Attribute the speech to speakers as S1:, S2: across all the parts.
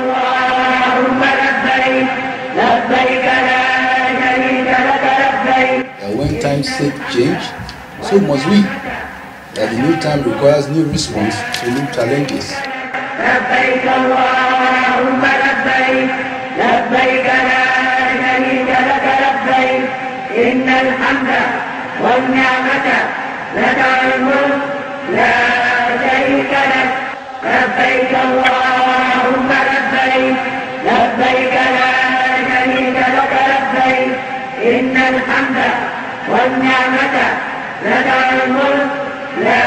S1: اللهم لبيك لبيك لا شريك لك لبيك That when times take change, so must we. That the new time requires new response to new challenges. لبيك اللهم لبيك
S2: لبيك لا شريك لك لبيك إن الحمد والنعمة لك الملك لا شريك لك لبيك اللهم لبيك لبيك لا شريك لك لبيك إن الحمد والنعمة لك الملك لا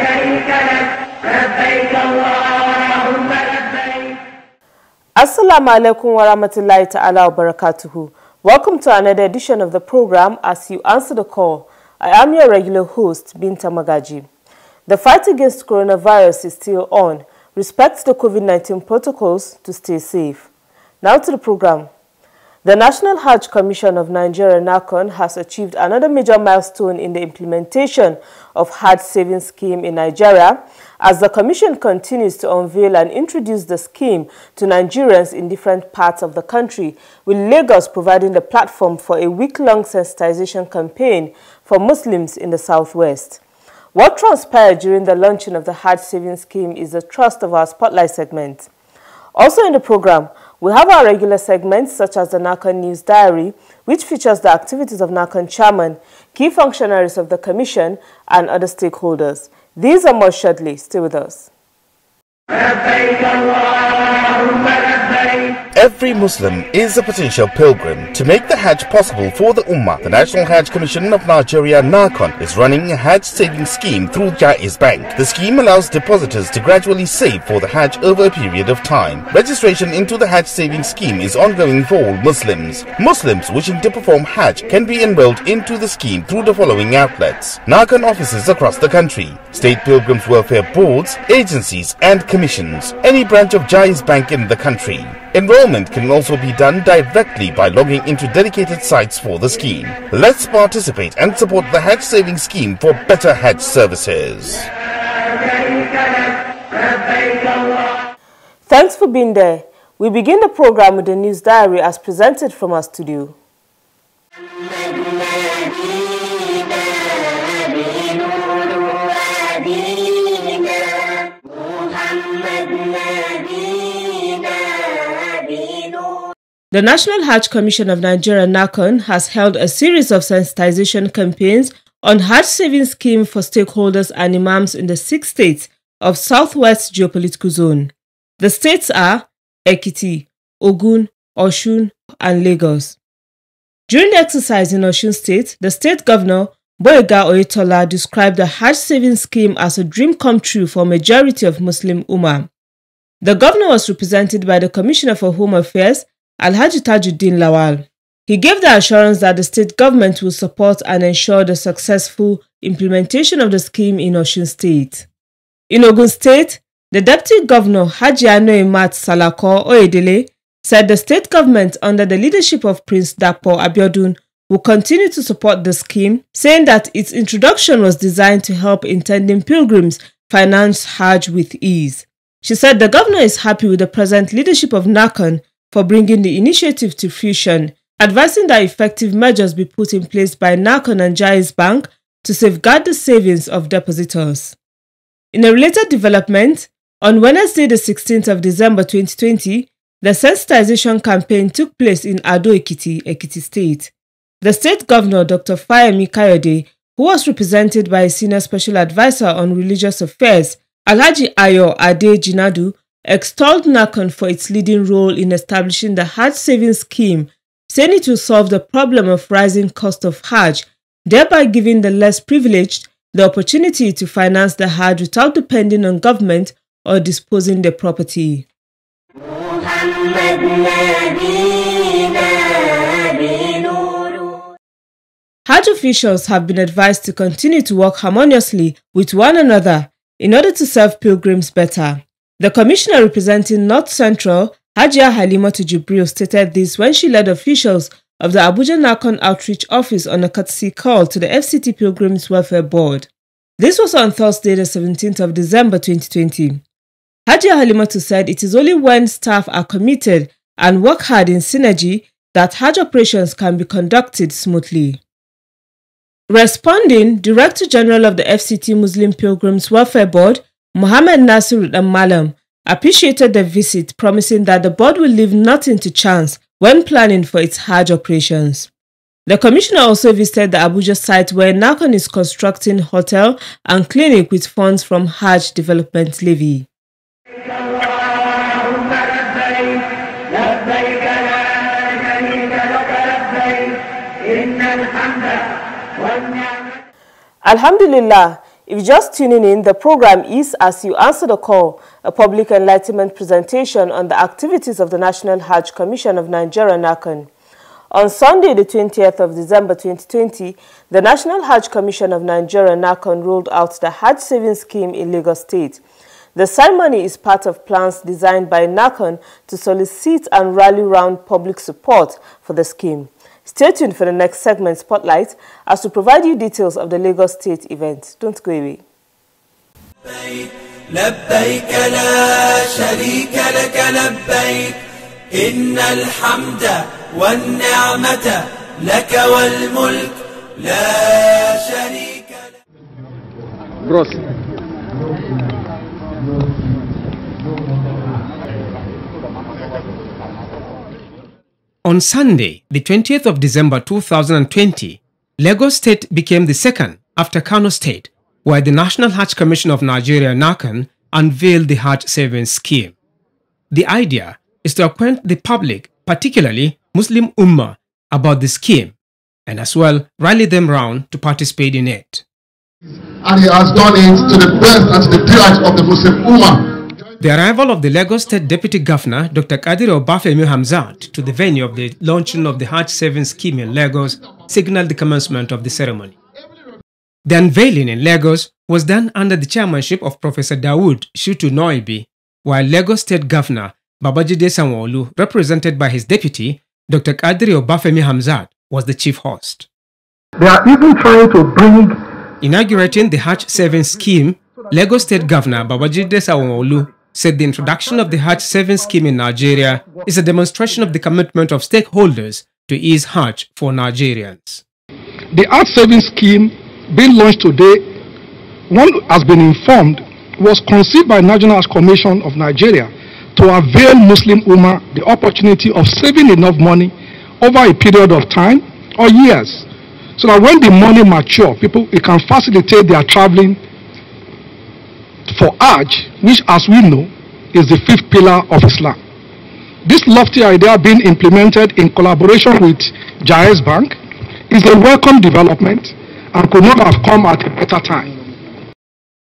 S2: شريك لك لبيك اللهم لبيك
S3: السلام عليكم ورحمة الله تعالى وبركاته Welcome to another edition of the program as you answer the call. I am your regular host, Binta Magaji. The fight against coronavirus is still on, respect the COVID-19 protocols to stay safe. Now to the program. The National Hajj Commission of Nigeria, NACON, has achieved another major milestone in the implementation of Hajj Savings Scheme in Nigeria as the Commission continues to unveil and introduce the scheme to Nigerians in different parts of the country, with Lagos providing the platform for a week-long sensitization campaign for Muslims in the southwest. What transpired during the launching of the hard savings scheme is the trust of our spotlight segment. Also in the program, we have our regular segments such as the NACAN News Diary, which features the activities of NACAN chairman, key functionaries of the commission, and other stakeholders. These are more shortly. Stay with us.
S4: Every Muslim is a potential pilgrim. To make the Hajj possible for the Ummah, the National Hajj Commission of Nigeria, NARCON, is running a Hajj saving scheme through Jaiz Bank. The scheme allows depositors to gradually save for the Hajj over a period of time. Registration into the Hajj saving scheme is ongoing for all Muslims. Muslims wishing to perform Hajj can be enrolled into the scheme through the following outlets. NARCON offices across the country, state pilgrims welfare boards, agencies and communities commissions, any branch of Jai's Bank in the country. Enrollment can also be done directly by logging into dedicated sites for the scheme. Let's participate and support the Hatch Saving Scheme for better Hatch services.
S3: Thanks for being there. We begin the program with the news diary as presented from our studio. The National Hajj Commission of Nigeria NACON has held a series of sensitization campaigns on Hajj saving scheme for stakeholders and imams in the six states of Southwest Geopolitical Zone. The states are Ekiti, Ogun, Oshun, and Lagos. During the exercise in Oshun State, the state governor Boyega Oyetola described the Hajj saving scheme as a dream come true for majority of Muslim Ummah. The governor was represented by the Commissioner for Home Affairs Alhaji Tajuddin Lawal. He gave the assurance that the state government will support and ensure the successful implementation of the scheme in Oshun State. In Ogun State, the Deputy Governor Haji Anoimat Salako Oedele said the state government under the leadership of Prince Dapo Abiodun will continue to support the scheme, saying that its introduction was designed to help intending pilgrims finance Hajj with ease. She said the governor is happy with the present leadership of Nakan for bringing the initiative to fruition, advising that effective measures be put in place by Nakon and Jai's Bank to safeguard the savings of depositors. In a related development, on Wednesday, the 16th of December 2020, the sensitization campaign took place in Ado Ekiti, Ekiti State. The state governor, Dr. Fayemi Kayode, who was represented by a senior special advisor on religious affairs, Alaji Ayo Ade Jinadu, extolled NACON for its leading role in establishing the Hajj savings scheme, saying it will solve the problem of rising cost of Hajj, thereby giving the less privileged the opportunity to finance the Hajj without depending on government or disposing their property. Hajj officials have been advised to continue to work harmoniously with one another in order to serve pilgrims better. The commissioner representing North Central, Hajia Halimatu Jibril, stated this when she led officials of the Abuja Nakon Outreach Office on a courtesy call to the FCT Pilgrims Welfare Board. This was on Thursday, the 17th of December 2020. Hajia Halimatu said it is only when staff are committed and work hard in synergy that Hajj operations can be conducted smoothly. Responding, Director General of the FCT Muslim Pilgrims Welfare Board, Muhammad Nasir Malam appreciated the visit, promising that the board will leave nothing to chance when planning for its Hajj operations. The commissioner also visited the Abuja site where Nakon is constructing hotel and clinic with funds from Hajj Development Levy. Alhamdulillah, if you're just tuning in, the program is As You Answer the Call, a public enlightenment presentation on the activities of the National Hajj Commission of Nigeria, NACON. On Sunday, the 20th of December 2020, the National Hajj Commission of Nigeria, NACON, rolled out the Hajj Savings Scheme in Lagos State. The ceremony is part of plans designed by NACON to solicit and rally round public support for the scheme. Stay tuned for the next segment, Spotlight, as we provide you details of the Lagos State event. Don't go away.
S2: لبيك لا شريك لك لبيك إن الحمد والنعمة لك والملك لا شريك لك
S5: on Sunday, the 20th of December 2020, Lagos State became the second after Kano State, where the National Hajj Commission of Nigeria NACAN unveiled the Hajj Savings Scheme. The idea is to acquaint the public, particularly Muslim Ummah, about the scheme and as well rally them round to participate in it. And he has done it
S2: to
S1: the best and to
S6: the delight of the Muslim Ummah.
S5: The arrival of the Lagos State Deputy Governor, Dr. Kadir Obafemi Hamzat, to the venue of the launching of the Hajj Savings Scheme in Lagos signaled the commencement of the ceremony. The unveiling in Lagos was done under the chairmanship of Professor Dawood Shutu Noibi, while Lagos State Governor Babajide sanwo represented by his deputy, Dr. Kadri Obafemi Hamzat, was the chief host. They are even trying to bring... Inaugurating the Hatch Scheme, Lagos State Governor Babajide sanwo said the introduction of the Hajj 7 scheme in Nigeria is a demonstration of the commitment of stakeholders to ease Hajj for Nigerians. The Hajj 7 scheme being launched today, one has been informed,
S7: was conceived by National Commission of Nigeria to avail Muslim Ummah the opportunity of saving enough money over a period of time or years so that when the money mature, people it can facilitate their traveling for Hajj, which as we know is the fifth pillar of Islam. This lofty idea being implemented in collaboration with Jaiz Bank is a welcome development and could not have come at a better time.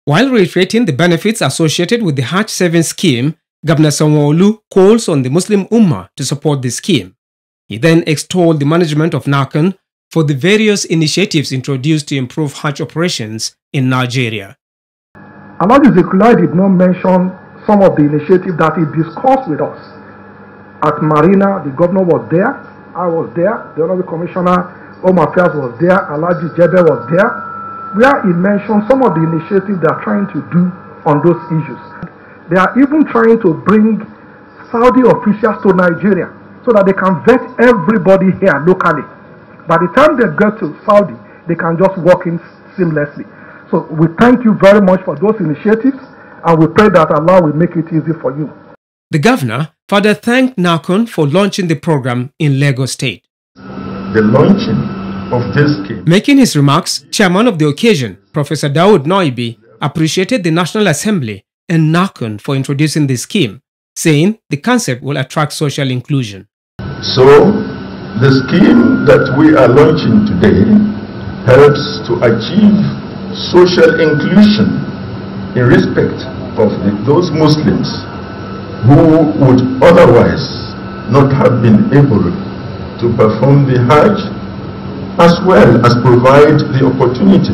S5: While reiterating the benefits associated with the Hajj saving scheme, Governor sanwo calls on the Muslim Ummah to support the scheme. He then extolled the management of Nakan for the various initiatives introduced to improve Hajj operations in Nigeria. Alhaji
S7: Zekulai did not mention some of the initiatives that he discussed with us. At Marina, the governor was there, I was there, the Honorable Commissioner Home Affairs was there, Alhaji Jebe was there, where he mentioned some of the initiatives they are trying to do on those issues. They are even trying to bring Saudi officials to Nigeria so that they can vet everybody here locally. By the time they get to Saudi, they can just walk in seamlessly. So we thank you very much for those initiatives and we pray that Allah will make it easy for you.
S5: The governor further thanked Nakon for launching the program in Lagos State. The launching of this scheme. Making his remarks, chairman of the occasion, Professor Daoud Noibi, appreciated the National Assembly and Nakon for introducing the scheme, saying the concept will attract social inclusion.
S6: So, the scheme that we are launching today helps to achieve social inclusion in respect of the, those Muslims who would otherwise not have been able to perform the Hajj as well as provide the opportunity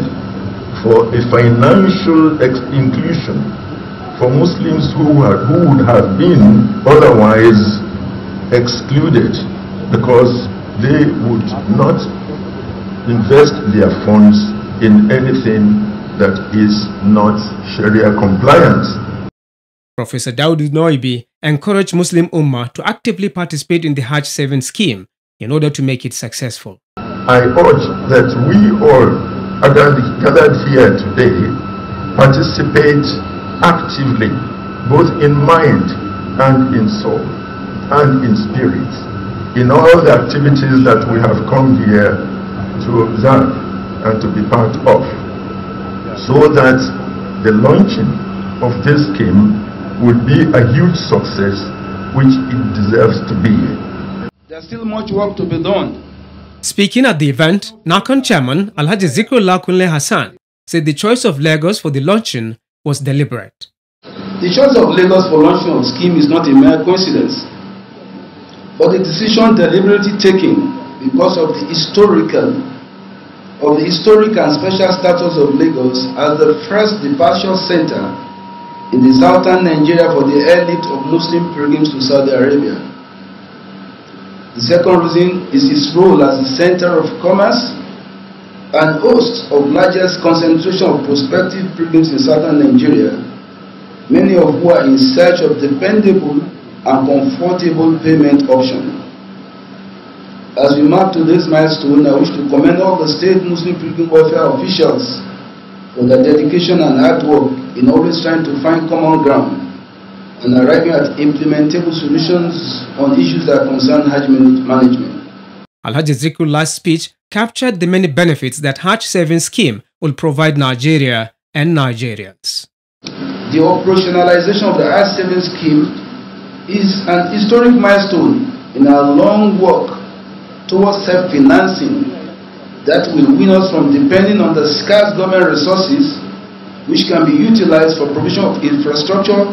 S6: for a financial inclusion for Muslims who, are, who would have been otherwise excluded because they would not invest their funds in anything that is not Sharia compliant.
S5: Professor Daoud Noibi encouraged Muslim Ummah to actively participate in the Hajj saving scheme in order to make it successful.
S6: I urge that we all gathered here today participate actively, both in mind and in soul and in spirit, in all the activities that we have come here to observe and to be part of so that the launching of this scheme would be a huge success which it deserves to be.
S5: There's still much work to be done. Speaking at the event, NACON chairman Alhaji Zikrullah Kunle Hassan said the choice of Lagos for the launching was deliberate.
S1: The choice of Lagos for launching of scheme is not a mere coincidence, but a decision deliberately taken because of the historical of the historic and special status of Lagos as the first departure center in the southern Nigeria for the elite of Muslim pilgrims to Saudi Arabia. The second reason is its role as the center of commerce and host of largest concentration of prospective pilgrims in southern Nigeria, many of who are in search of dependable and comfortable payment options. As we mark to this milestone, I wish to commend all the state Muslim Pilgrim Welfare officials for their dedication and hard work in always trying to find common ground and arriving at implementable solutions on issues
S5: that concern Hajj management. Alhaji Zikrul's last speech captured the many benefits that Hajj saving Scheme will provide Nigeria and Nigerians.
S1: The operationalization of the Hajj saving Scheme is an historic milestone in our long work towards self-financing that will win us from depending on the scarce government resources which can be utilized for provision of infrastructure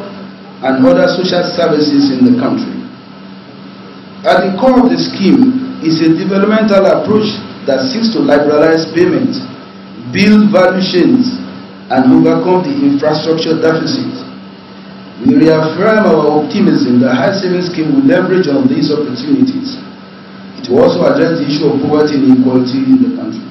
S1: and other social services in the country. At the core of the scheme is a developmental approach that seeks to liberalize payment, build value chains, and overcome the infrastructure deficit. We reaffirm our optimism that high savings scheme will leverage on these opportunities to also address the issue of poverty and inequality in the country.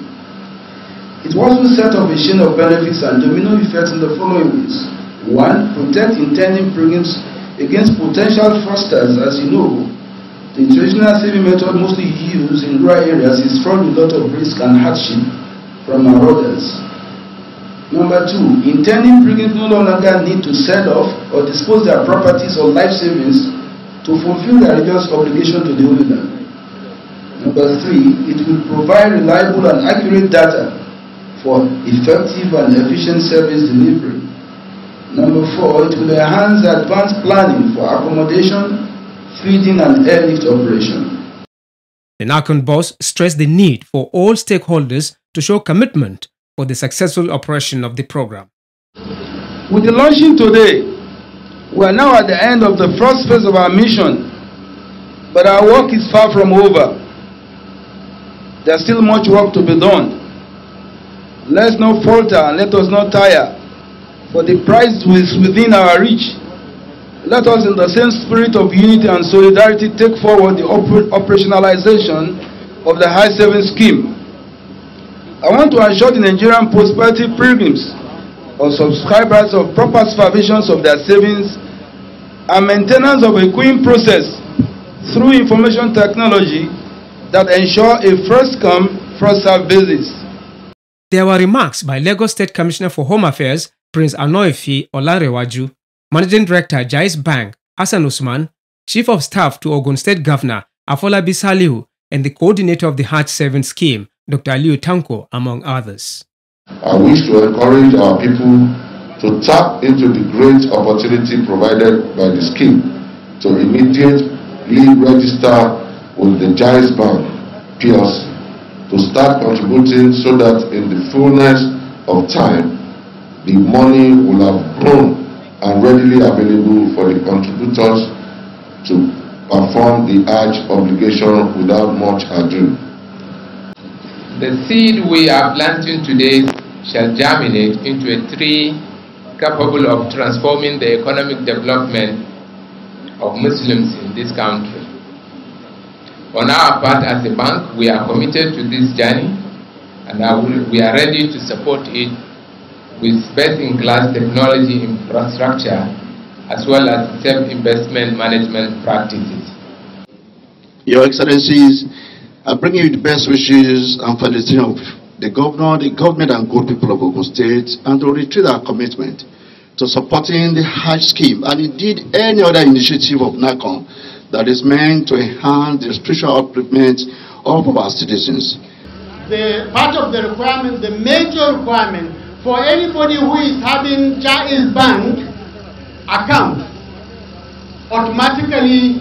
S1: It will also set up a chain of benefits and domino effects in the following ways. One, protect intending programs against potential fraudsters. As you know, the traditional saving method mostly used in rural areas is fraught with a lot of risk and hardship from marauders. Number two, intending brigands no longer need to sell off or dispose their properties or life savings to fulfill their religious obligation to the holy land. Number three, it will provide reliable and accurate data for effective and efficient service delivery. Number four, it will enhance advanced planning for accommodation, feeding and airlift operation.
S5: The Nakan boss stressed the need for all stakeholders to show commitment for the successful operation of the program. With the launching today, we are now at the end of the first phase of our mission,
S1: but our work is far from over. There's still much work to be done. Let's not falter and let us not tire, for the prize is within our reach. Let us, in the same spirit of unity and solidarity, take forward the oper operationalization of the High Seven Scheme. I want to assure the Nigerian prospective pilgrims or subscribers of proper supervision of their savings and maintenance of a clean process through information technology that ensure a first come, first served basis.
S5: There were remarks by Lagos State Commissioner for Home Affairs, Prince Anoifi Olarewaju, Managing Director Jais Bank, Hassan Usman, Chief of Staff to Ogun State Governor Afola Bisaliu, and the coordinator of the Heart Saving Scheme, Dr. Liu Tanko, among others.
S6: I wish to encourage our people to tap into the great opportunity provided by the scheme to immediately register the energize Bank PLC to start contributing so that in the fullness of time, the money will have grown and readily available for the contributors to perform the Hajj obligation without much ado.
S5: The seed we are planting today shall germinate into a tree capable of transforming the economic development of Muslims in this country. On our part as a bank, we are committed to this journey and will, we are ready to support it with best-in-class technology infrastructure as well as self-investment management practices.
S1: Your Excellencies, I bring you the best wishes and felicitation of the governor, the government and good people of Ogun State and to retrieve our commitment to supporting the Hajj scheme and indeed any other initiative of NACON that is meant to enhance the spiritual upliftment of our citizens.
S7: The part of the requirement, the major requirement for anybody who is having Jaiz Bank account, automatically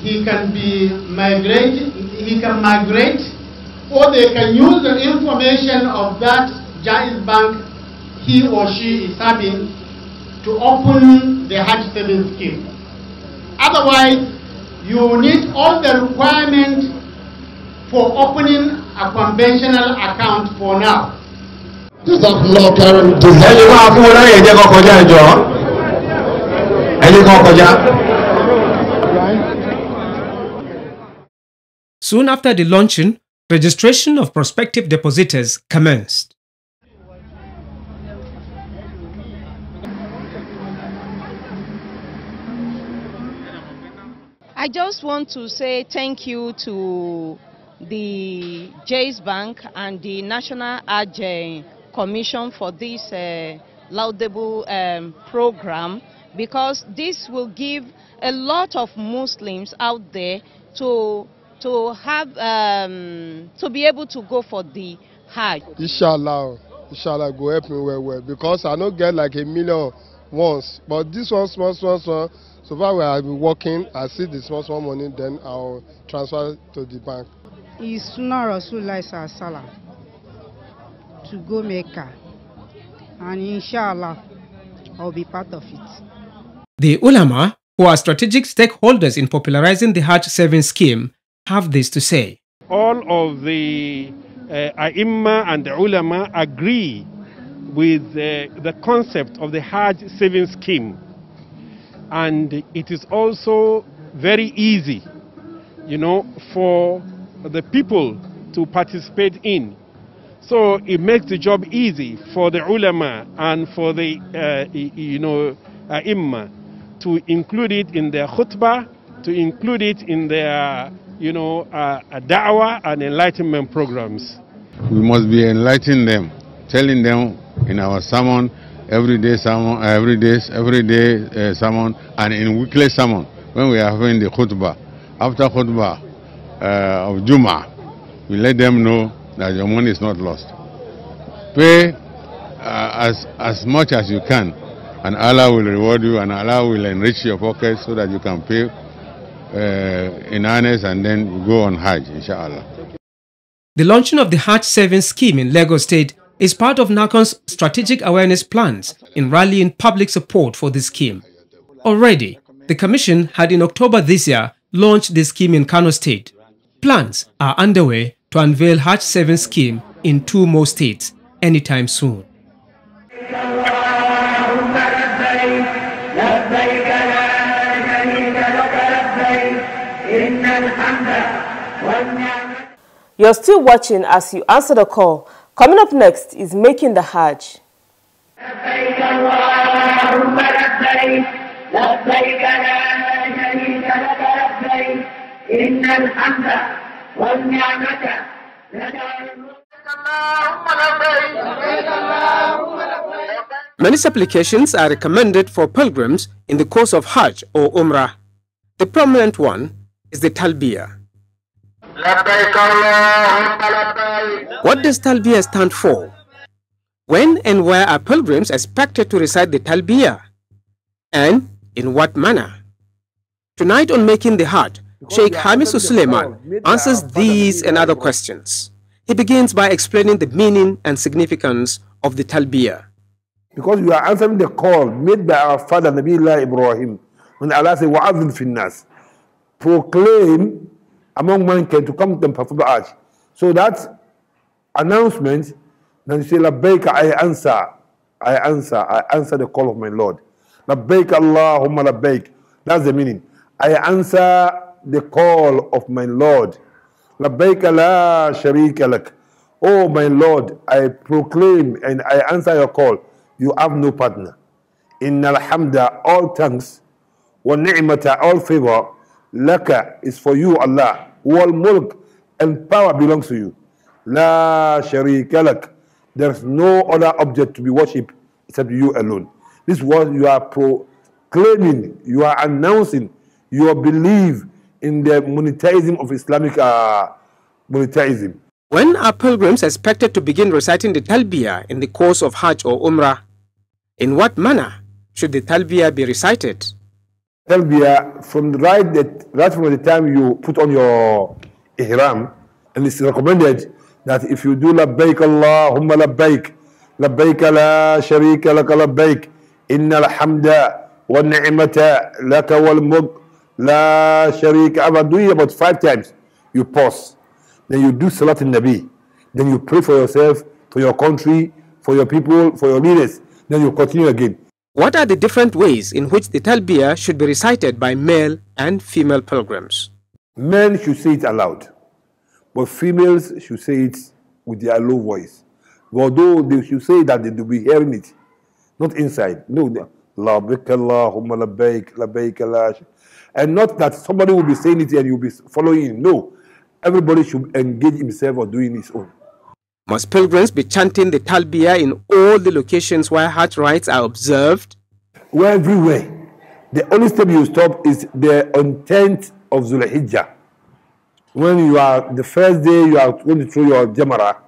S7: he can
S5: be migrated, he can migrate,
S7: or they can use the information
S5: of that Jaiz Bank he or she is having to open the Hajj saving scheme. Otherwise, you need all the requirements for opening a conventional account for now. Soon after the launching, registration of prospective depositors commenced.
S3: I just want to say thank you to the Jays Bank and the National Ag Commission for this uh, laudable um, program because this will give a lot of Muslims out there to to have um, to be able to go for the Hajj.
S7: Inshallah, Inshallah go help me well well because I no get like a million once but this one small small small So far i have been working, I see the small small money, then I'll transfer to the bank.
S5: It's Sunnah Rasulullah Salah to go Mecca. And inshallah, I'll be part of it. The ulama, who are strategic stakeholders in popularizing the Hajj saving scheme, have this to say.
S8: All of the uh, Aima and the ulama agree with uh, the concept of the Hajj saving scheme and it is also very easy, you know, for the people to participate in. So it makes the job easy for the ulama and for the, uh, you know, uh, imma to include it in their khutbah, to include it in their, you know, uh, uh da'wah and enlightenment programs.
S6: We must be enlightening them, telling them in our sermon every day sermon, uh, every day, every day uh, sermon, and in weekly sermon when we are having the khutbah. After khutbah uh, of Juma, we let them know that your money is not lost. Pay uh, as, as much as you can, and Allah will reward you, and Allah will enrich your pocket so that you can pay uh, in earnest and then go on Hajj, inshallah. The launching of the Hajj saving Scheme in
S5: Lagos State is part of NACON's strategic awareness plans in rallying public support for the scheme. Already, the Commission had in October this year launched the scheme in Kano State. Plans are underway to unveil Hatch 7 scheme in two more states anytime soon.
S3: You're still watching as you answer the call. Coming up next is Making the Hajj.
S5: Many supplications are recommended for pilgrims in the course of Hajj or Umrah. The prominent one is the Talbiyah. What does Talbiyah stand for? When and where are pilgrims expected to recite the Talbiyah? And in what manner? Tonight on Making the Heart, Sheikh Hamisu Suleiman answers these and other questions. He begins by explaining the meaning and significance of the Talbiyah.
S8: Because we are answering the call made by our father Nabi Ibrahim when Allah said, Wa'adhin finnas. Proclaim among mankind to come and perform the Hajj. So that announcement, then you say, Labbaik, I answer, I answer, I answer the call of my Lord. Labbaik Allahumma Labbaik. That's the meaning. I answer the call of my Lord. Labbaik la sharika lak. Oh my Lord, I proclaim and I answer your call. You have no partner. In alhamda, all thanks, wa ni'mata, all favor, Laka is for you, Allah. All mulk and power belongs to you. La sharika lak. There is no other object to be worshipped except you alone. This is what you are proclaiming, you are announcing your belief in the monetarism
S5: of Islamic uh, monetarism. When are pilgrims expected to begin reciting the Talbiyah in the course of Hajj or Umrah? In what manner should the Talbiyah be recited?
S8: Talbiya from the right that right from the time you put on your ihram, and it's recommended that if you do labbaik Allahumma labbaik, labbaik la sharika laka labbaik, inna alhamda wa ni'mata laka wal mulk la sharika. About doing it about five times, you pause, then you do salat al Nabi, then you pray for yourself,
S5: for your country, for your people, for your leaders, then you continue again. What are the different ways in which the Talbiyah should be recited by male and female pilgrims? Men should say it aloud,
S8: but females should say it with their low voice. Although they should say that they will be hearing it, not inside. No, labbaik Allahumma labbaik, la And not that somebody will be saying it and you'll be following.
S5: No, everybody should engage himself or doing his own. Must pilgrims be chanting the Talbiyah in all the locations where Hajj rites are observed? Well, everywhere. The only step you stop is the intent of Zulhijjah.
S8: When you are the first day you are going to throw your Jamara,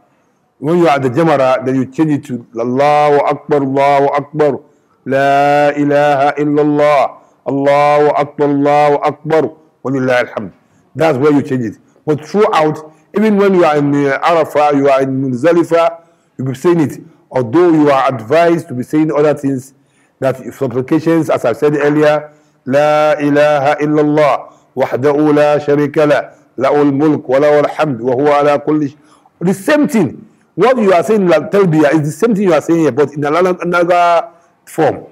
S8: when you are the Jamara, then you change it to Allahu Akbar, Allahu Akbar, La ilaha illallah, Allahu Akbar, Allahu Akbar, Walillah alhamd. That's where you change it. But throughout, even when you are in uh, Arafah, you are in Muzdalifah, you be saying it. Although you are advised to be saying other things, that supplications, as I said earlier, لا إله إلا الله وحده لا شريك له له الملك وله الحمد وهو على كل شيء. The same thing. What you are saying
S5: in like, is the same thing you are saying here, but in another form.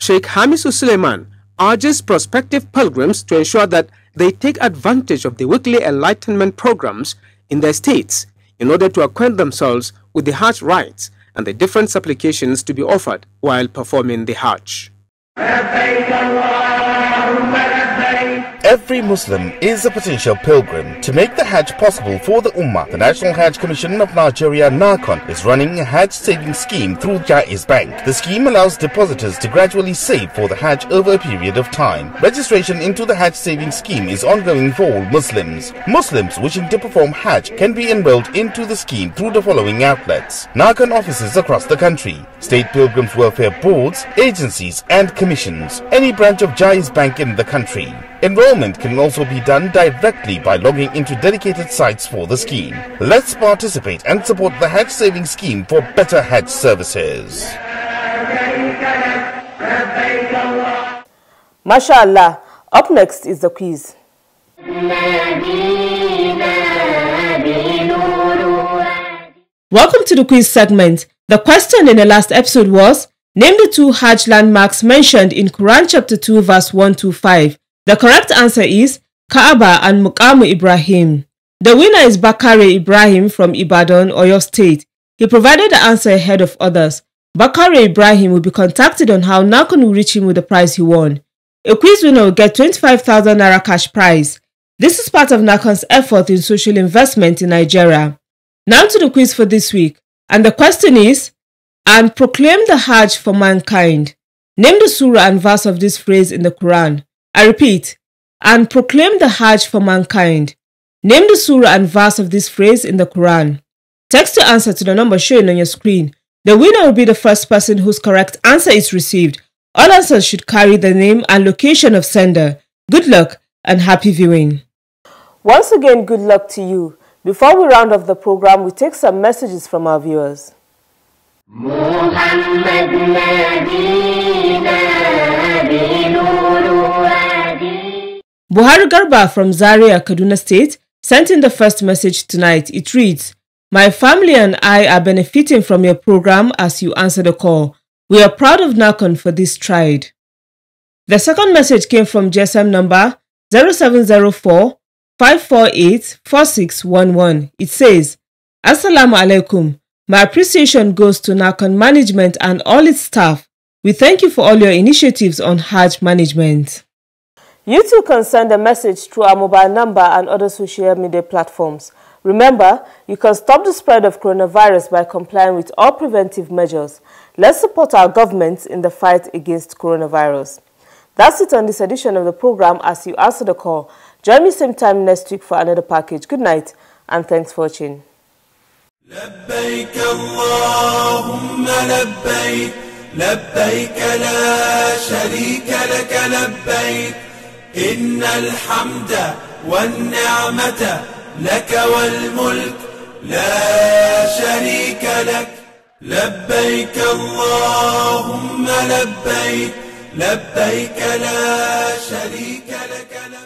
S5: Sheikh Hamisu Suleiman urges prospective pilgrims to ensure that they take advantage of the weekly enlightenment programs in their states in order to acquaint themselves with the Hajj rites and the different supplications to be offered while performing the Hajj.
S4: Every Muslim is a potential pilgrim. To make the Hajj possible for the Ummah, the National Hajj Commission of Nigeria, NARCON, is running a Hajj saving scheme through Jaiz Bank. The scheme allows depositors to gradually save for the Hajj over a period of time. Registration into the Hajj saving scheme is ongoing for all Muslims. Muslims wishing to perform Hajj can be enrolled into the scheme through the following outlets. NARCON offices across the country, state pilgrims welfare boards, agencies and commissions, any branch of Jaiz Bank in the country. Enrollment can also be done directly by logging into dedicated sites for the scheme. Let's participate and support the Hatch Saving Scheme for better Hatch services.
S3: Mashallah, Up next is the quiz. Welcome to the quiz segment. The question in the last episode was Name the two Hajj landmarks mentioned in Quran chapter 2 verse 1 to 5. The correct answer is Kaaba and Mukamu Ibrahim. The winner is Bakare Ibrahim from Ibadan, Oyo State. He provided the answer ahead of others. Bakare Ibrahim will be contacted on how Nakon will reach him with the prize he won. A quiz winner will get 25,000 Naira cash prize. This is part of Nakon's effort in social investment in Nigeria. Now to the quiz for this week. And the question is, and proclaim the Hajj for mankind. Name the surah and verse of this phrase in the Quran. I repeat, and proclaim the Hajj for mankind. Name the surah and verse of this phrase in the Quran. Text your answer to the number shown on your screen. The winner will be the first person whose correct answer is received. All answers should carry the name and location of sender. Good luck and happy viewing. Once again, good luck to you. Before we round off the program, we take some messages from our viewers.
S2: Muhammad
S3: Buhari Garba from Zaria, Kaduna State, sent in the first message tonight. It reads, My family and I are benefiting from your program as you answer the call. We are proud of Nakon for this stride. The second message came from GSM number 0704 548 4611. It says, Assalamu alaikum. My appreciation goes to Nakon management and all its staff. We thank you for all your initiatives on Hajj management. You too can send a message through our mobile number and other social media platforms. Remember, you can stop the spread of coronavirus by complying with all preventive measures. Let's support our governments in the fight against coronavirus. That's it on this edition of the program as you answer the call. Join me same time next week for another package. Good night and thanks for watching.
S2: لبيك لبيك لا شريك لك لبيك إن الحمد والنعمة لك والملك لا شريك لك لبيك اللهم لبيك لبيك لا شريك لك لا